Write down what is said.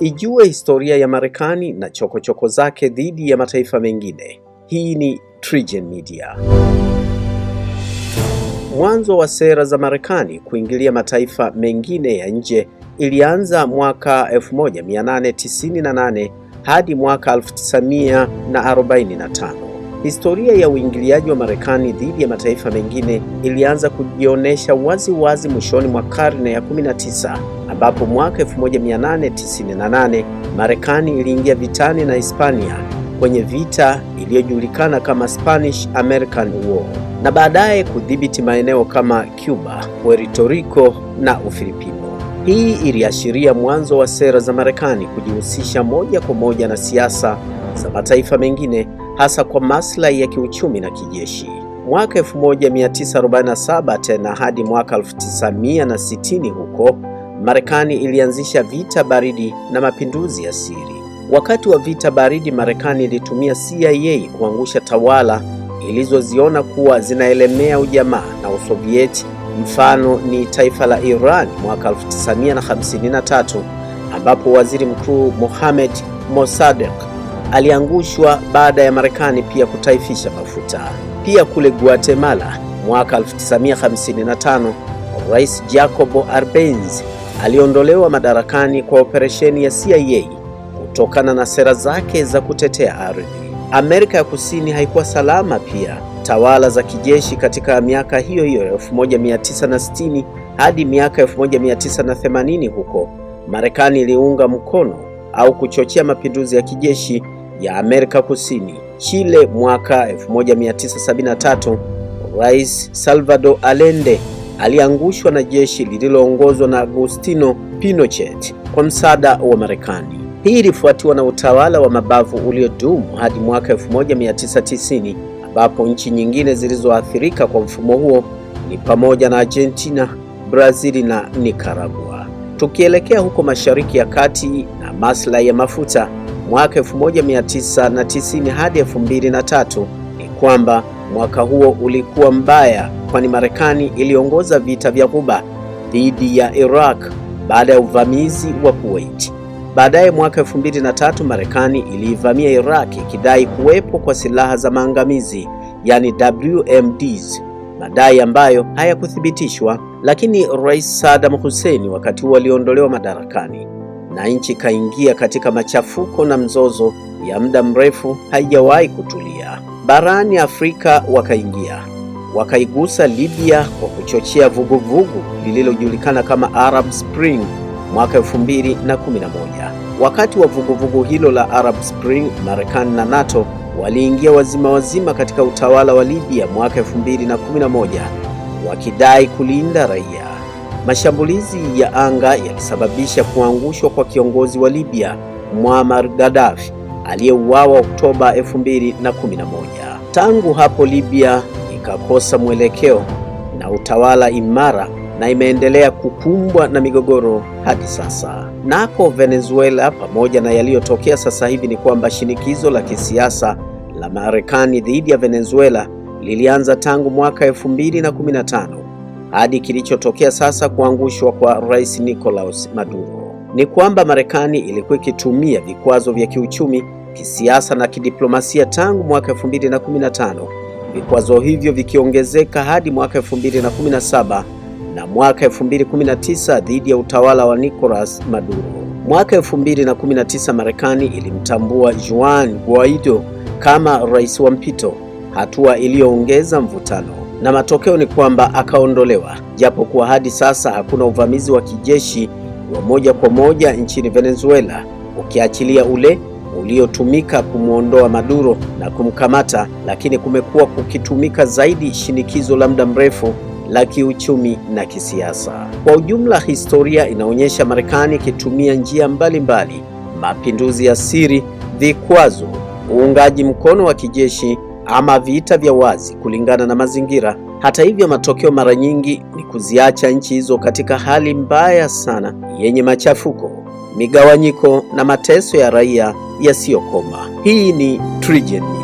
ijue historia ya Marekani na chokochoko choko zake dhidi ya mataifa mengine. Hii ni TriGen Media. Mwanzo wa sera za Marekani kuingilia mataifa mengine ya nje ilianza mwaka 1898 hadi mwaka 1945. Historia ya uingiliaji wa Marekani dhidi ya mataifa mengine ilianza kujionyesha wazi wazi mwishoni mwa karne ya 19 ambapo mwaka 1898 Marekani iliingia vitani na Hispania kwenye vita iliyojulikana kama Spanish American War na baadaye kudhibiti maeneo kama Cuba, Puerto Rico na Ufilipino. Hii iliashiria mwanzo wa sera za Marekani kujihusisha moja kwa moja na siasa za mataifa mengine hasa kwa maslahi ya kiuchumi na kijeshi. Mwaka 1947 tena hadi mwaka 1960 huko Marekani ilianzisha vita baridi na mapinduzi ya siri. Wakati wa vita baridi, Marekani ilitumia CIA kuangusha tawala ilizoziona kuwa zinaelemea ujamaa na Usovieti. Mfano ni taifa la Iran mwaka 1953 ambapo waziri mkuu Mohamed Mossadegh aliangushwa baada ya Marekani pia kutaifisha mafuta. Pia kule Guatemala mwaka 1955 Rais Jacobo Arbenz aliondolewa madarakani kwa operesheni ya CIA kutokana na sera zake za kutetea ardhi. Amerika ya Kusini haikuwa salama pia. Tawala za kijeshi katika miaka hiyo hiyo 1960 hadi miaka 1980 huko Marekani iliunga mkono au kuchochea mapinduzi ya kijeshi ya Amerika Kusini. Chile mwaka 1973, Rais Salvador Allende aliangushwa na jeshi lililoongozwa na Agustino Pinochet kwa msaada wa Marekani. Hii ilifuatiwa na utawala wa mabavu uliodumu hadi mwaka 1990 ambapo nchi nyingine zilizoathirika kwa mfumo huo ni pamoja na Argentina, Brazil na Nicaragua. Tukielekea huko Mashariki ya Kati na maslahi ya mafuta mwaka 1990 hadi 2003 ni kwamba mwaka huo ulikuwa mbaya, kwani Marekani iliongoza vita vya Ghuba dhidi ya Iraq baada ya uvamizi wa Kuwait. Baadaye mwaka 2003 Marekani iliivamia Iraq ikidai kuwepo kwa silaha za maangamizi yani WMDs, madai ambayo hayakuthibitishwa, lakini Rais Saddam Hussein wakati huo aliondolewa madarakani na nchi kaingia katika machafuko na mzozo ya muda mrefu, haijawahi kutulia. Barani Afrika wakaingia wakaigusa Libya kwa kuchochea vuguvugu lililojulikana kama Arab Spring mwaka 2011. Wakati wa vuguvugu hilo la Arab Spring, Marekani na NATO waliingia wazima wazima katika utawala wa Libya mwaka 2011 wakidai kulinda raia. Mashambulizi ya anga yalisababisha kuangushwa kwa kiongozi wa Libya Muammar Gaddafi aliyeuawa Oktoba 2011. Tangu hapo Libya ikakosa mwelekeo na utawala imara na imeendelea kukumbwa na migogoro hadi sasa. Nako Venezuela, pamoja na yaliyotokea sasa hivi, ni kwamba shinikizo la kisiasa la Marekani dhidi ya Venezuela lilianza tangu mwaka 2015 hadi kilichotokea sasa, kuangushwa kwa Rais Nicolas Maduro, ni kwamba Marekani ilikuwa ikitumia vikwazo vya kiuchumi, kisiasa na kidiplomasia tangu mwaka 2015, vikwazo hivyo vikiongezeka hadi mwaka 2017 na mwaka 2019 dhidi ya utawala wa Nicolas Maduro. Mwaka 2019 Marekani ilimtambua Juan Guaido kama rais wa mpito, hatua iliyoongeza mvutano na matokeo ni kwamba akaondolewa, japo kuwa hadi sasa hakuna uvamizi wa kijeshi wa moja kwa moja nchini Venezuela, ukiachilia ule uliotumika kumwondoa Maduro na kumkamata, lakini kumekuwa kukitumika zaidi shinikizo la muda mrefu la kiuchumi na kisiasa. Kwa ujumla, historia inaonyesha Marekani ikitumia njia mbalimbali mbali: mapinduzi ya siri, vikwazo, uungaji mkono wa kijeshi ama vita vya wazi kulingana na mazingira. Hata hivyo, matokeo mara nyingi ni kuziacha nchi hizo katika hali mbaya sana yenye machafuko, migawanyiko na mateso ya raia yasiyokoma. Hii ni TriGen.